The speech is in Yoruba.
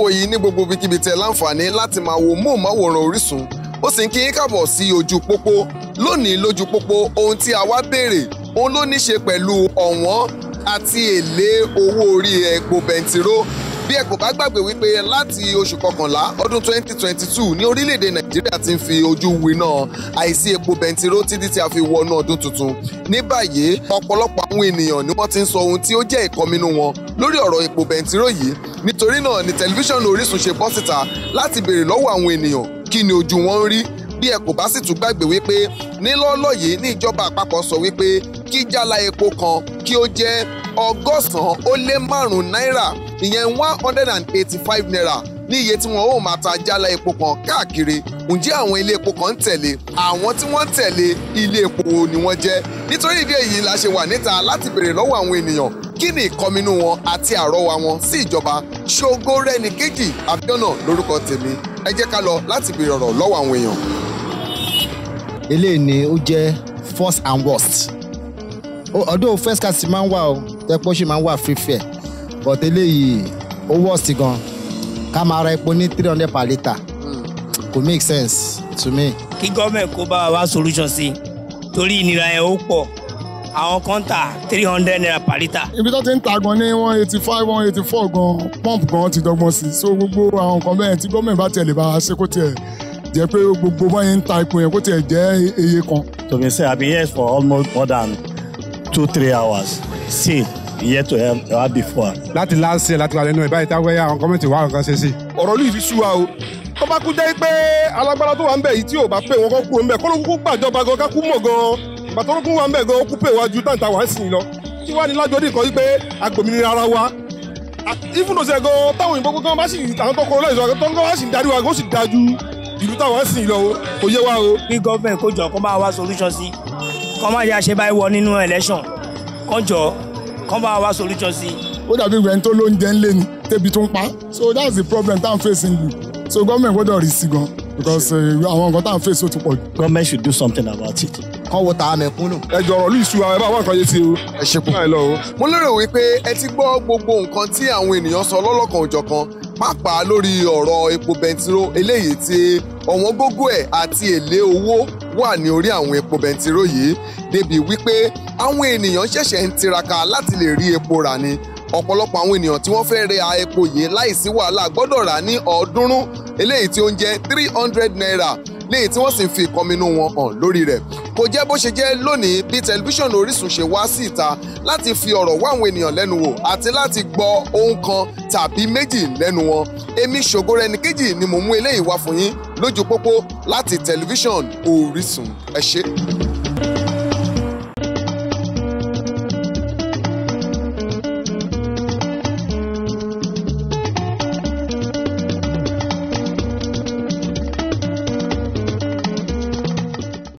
wò yìí ní gbogbo ibikíbi tẹ láǹfààní láti máa wo móhùnmáwòrán Orísun ó sì ń kí yín káàbọ̀ sí ojú pópó lónìí lójú pópó ohun tí a wá béèrè òun ló ní ṣe pẹ̀lú ọ̀wọ́n àti èlé owó orí epo bẹntiró bí ẹ kò bá gbàgbé wípé láti oṣù kọkànlá ọdún 2022 ní orílẹ̀-èdè nàìjíríà ti ń fi ojú winá àìsí epo bẹntiró títí tí a fi wọnú ọdún tuntun ní báyìí ọ̀pọ̀lọpọ̀ àwọn ènìyàn ni wọ́n ti ń sọ ohun tí ó jẹ́ ìkọminú wọn lórí ọ̀rọ̀ epo bẹntiró yìí nítorí náà ni tẹlifíṣàn Orísun ṣe bọ́ síta láti béèrè lọ́wọ́ àwọn ènìyàn kí ni ojú wọn rí bí ẹ kò bá sì tún gbàgbé wípé nílọ́lọ́ yìí ní ìjọba àpapọ̀ sọ wípé kí jálá epo kan kí ó jẹ́ ọgọ́sàn-án ó lé márùn-ún náírà ìyẹn one hundred and eighty-five naira ní iye tí wọn ó máa ta jálá epo kan káàkiri ǹjẹ́ àwọn ilé epo kan ń tẹ̀lé àwọn tí wọ́n ń tẹ̀lé ilé epo ni wọ́n jẹ́ nítorí ìdí èyí la ṣe wà níta láti béèrè lọ́wọ́ àwọn ènìyàn kí ni ìkọminú wọn àti àrọwà wọn sí ìjọba ṣògo rẹni kejì Abíọ́nà lórúkọ tèmi ẹ jẹ́ ká lọ láti béèrè ọ̀rọ̀ lọ́wọ́ àwọn èèyàn eléyìí ni ó jẹ́ first and worst ọdún first class máa ń wà o tẹ́pọ̀ ṣì máa ń wà free fare but eléyìí ó worst gan ká máa ra epo ní three hundred per litre kò make sense to me. kí gọ́ọ̀mẹ̀ kó bá wa solution sí i torí ìnira yẹn ó pọ̀ àwọn kan tà three hundred naira per litre. ibi tó ti ń ta gan ní one eighty five one eighty four gan pump gan ti dọ́gbọ́n sí i so gbogbo àwọn nǹkan bẹ́ẹ̀ tí gọ́ọ̀mẹ̀ bá tiẹ̀ lè bá a ṣe kó tiẹ̀ jẹ́ pé gbogbo bá ń ta epo yẹn kó tiẹ̀ jẹ́ eye kan. to be say i been here for almost more than two three hours See, yet to help her before. láti láǹsì láti wà lẹ́nu ìbáyìí táwọn ẹ̀yà àwọn gọ́ọ̀mẹ̀ntì wà nǹkan ṣe sí. ọ̀rọ̀ ló fi sú wa o tó bá kú jẹ́ pé alágbára tó wà ń bẹ̀ yìí tí ò bá pè wọ́n kọ́ kúrò ń bẹ̀ kó gbàjọba gan kákú mọ̀ gan bàtọ́ wà ń bẹ̀ gan ó kú pè wá táǹtà wá sí i lọ kí wàá ní lájọ́ ní yìí pé agbòmìnira ara wa ìfúnnọ̀sẹ̀ gan táwọn òyìnbó gan bá sì àwọn tó kọ́ ìlú táwọn sìn lọ o yé wa o. bí gọ́ọ̀mẹ̀ kó jọ kó bá wa solution sí kó má yà ṣe báyìí wọ nínú election kó jọ kó bá wa solution sí. ó dàbí ìwẹ̀ tó ló ń jẹ́ ńlé tẹ́bi tó ń pa so that's the problem tá à ń face you so government, gbọ́dọ̀ rí sí gan because eh, àwọn nǹkan tá à ń face ó ti pọ̀ jù. government should do something about it kan wo tàá mẹ̀kúnnù. ẹ jọ̀rọ̀ ní ìṣúra ẹ bá wà kan yé sí o. ẹ ṣe kú. mo lérò wípé ẹ ti gbọ́ gbogbo nǹkan tí àwọn ènìyàn sọ lọ́lọ́kan òjọ̀kan pàápàá lórí ọ̀rọ̀ epo bẹntiró eléyìí tí ọ̀wọ́n gógó ẹ̀ àti èlé owó wà ní orí àwọn epo bẹntiró yìí débi wípé àwọn ènìyàn ṣẹ̀ṣẹ̀ ń tiraka láti lè rí epo rà ni ọ̀pọ̀lọpọ̀ àwọn ènìyàn tí wọ́n fẹ́ ra epo yìí láìsí wàhálà gbọ́dọ̀ rà ní ọ̀ọ́dúnrún eléyìí tí ó ń jẹ́ three hundred naira léyìí tí wọ́n sì ń fi ìkọminú wọn hàn lórí rẹ̀ kò jẹ́ bó ṣe jẹ́ lónìí bí tẹlifíṣàn Orísun ṣe wá sí ìta láti fi ọ̀rọ̀ wá àwọn ènìyàn lẹ́nu wò àti láti gbọ́ ohun kan tàbí méjì lẹ́nu wọn èmi Ṣògorẹ̀níkejì ni mò ń mú eléyìí wá fún yín lójú pópó láti tẹlifíṣàn Orísun ẹ ṣé.